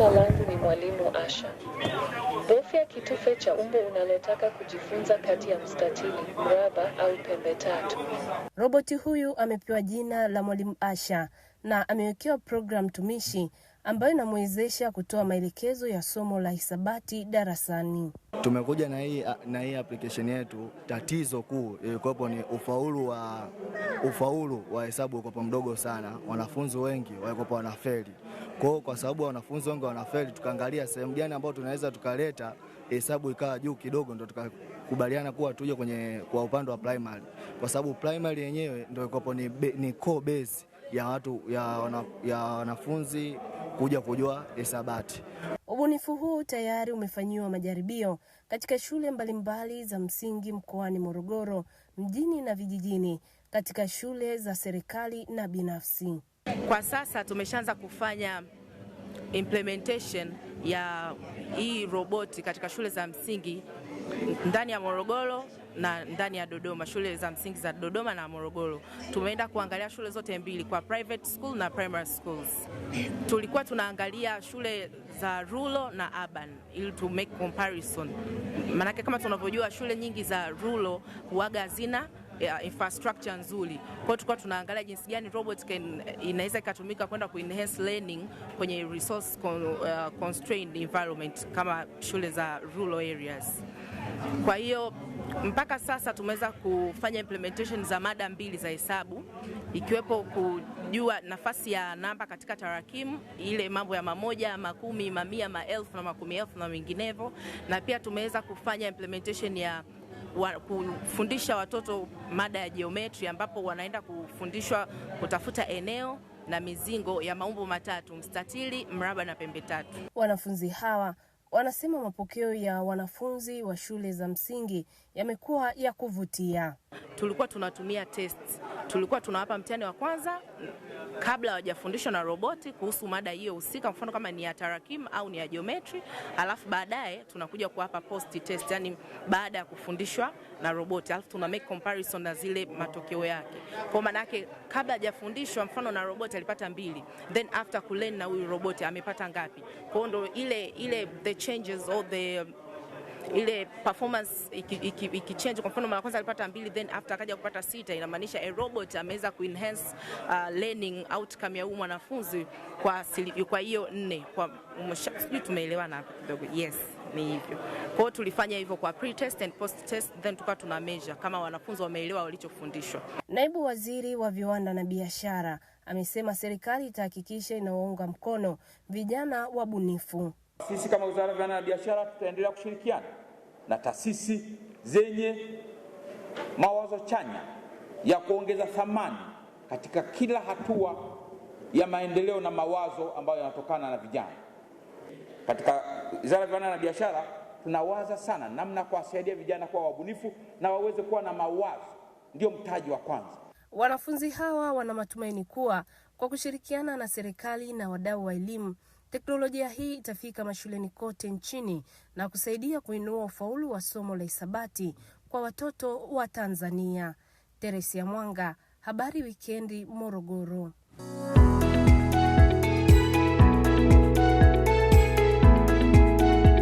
Jina langu ni Mwalimu Asha. Bofya kitufe cha umbo unalotaka kujifunza kati ya mstatili, mraba au pembe tatu. Roboti huyu amepewa jina la Mwalimu Asha na amewekewa programu tumishi ambayo inamwezesha kutoa maelekezo ya somo la hisabati darasani. Tumekuja na hii na hii application yetu, tatizo kuu ilikuwepo ni ufaulu wa ufaulu wa hesabu ukopo mdogo sana, wanafunzi wengi walikopa wanafeli. Kwa kwa sababu wanafunzi wengi wanafeli, tukaangalia sehemu gani ambayo tunaweza tukaleta hesabu ikawa juu kidogo, ndo tukakubaliana kuwa tuje kwenye kwa upande wa primary, kwa sababu primary yenyewe ndo ikopo ni, ni core base ya watu ya, wana, ya wanafunzi kuja kujua hesabati. Ubunifu huu tayari umefanyiwa majaribio katika shule mbalimbali za msingi mkoani Morogoro mjini na vijijini, katika shule za serikali na binafsi. Kwa sasa tumeshaanza kufanya implementation ya hii roboti katika shule za msingi ndani ya Morogoro na ndani ya Dodoma, shule za msingi za Dodoma na Morogoro. Tumeenda kuangalia shule zote mbili kwa private school na primary schools. Tulikuwa tunaangalia shule za rural na urban ili to make comparison, maanake kama tunavyojua shule nyingi za rural huaga hazina ya eh, infrastructure nzuri. Kwa hiyo tulikuwa tunaangalia jinsi gani robot can eh, inaweza ikatumika kwenda ku enhance learning kwenye resource con, uh, constrained environment kama shule za rural areas. Kwa hiyo mpaka sasa tumeweza kufanya implementation za mada mbili za hesabu ikiwepo kujua nafasi ya namba katika tarakimu, ile mambo ya mamoja, makumi, mamia, maelfu na makumi elfu na menginevyo, na pia tumeweza kufanya implementation ya wa, kufundisha watoto mada ya jiometri ambapo wanaenda kufundishwa kutafuta eneo na mizingo ya maumbo matatu: mstatili, mraba na pembe tatu. Wanafunzi hawa wanasema mapokeo ya wanafunzi wa shule za msingi yamekuwa ya kuvutia. Tulikuwa tunatumia test tulikuwa tunawapa mtihani wa kwanza kabla hawajafundishwa na roboti kuhusu mada hiyo husika, mfano kama ni ya tarakimu au ni ya geometry, alafu baadaye tunakuja kuwapa post test, yani baada ya kufundishwa na roboti, alafu tuna make comparison na zile matokeo yake. Kwa maana yake kabla hajafundishwa mfano na roboti alipata mbili, then after kulen na huyu roboti amepata ngapi? Kwa hiyo ndo ile ile the changes or the ile performance ikichange. Kwa mfano mara kwanza alipata mbili, then after akaja kupata sita, inamaanisha a robot ameweza kuenhance uh, learning outcome ya huyu mwanafunzi kwa sili, kwa hiyo nne. Kwa sijui tumeelewana kidogo? Yes, ni hivyo. Kwa hiyo tulifanya hivyo kwa pre test and post test, then tukawa tuna measure kama wanafunzi wameelewa walichofundishwa. Naibu Waziri wa Viwanda na Biashara amesema serikali itahakikisha inawaunga mkono vijana wabunifu. Sisi kama Wizara ya Viwanda na Biashara tutaendelea kushirikiana na taasisi zenye mawazo chanya ya kuongeza thamani katika kila hatua ya maendeleo na mawazo ambayo yanatokana na vijana. Katika Wizara ya Viwanda na Biashara tunawaza sana namna kuwasaidia vijana kuwa wabunifu na waweze kuwa na mawazo, ndio mtaji wa kwanza. Wanafunzi hawa wana matumaini kuwa kwa kushirikiana na serikali na wadau wa elimu Teknolojia hii itafika mashuleni kote nchini na kusaidia kuinua ufaulu wa somo la hisabati kwa watoto wa Tanzania. Teresia Mwanga, Habari Wikendi, Morogoro.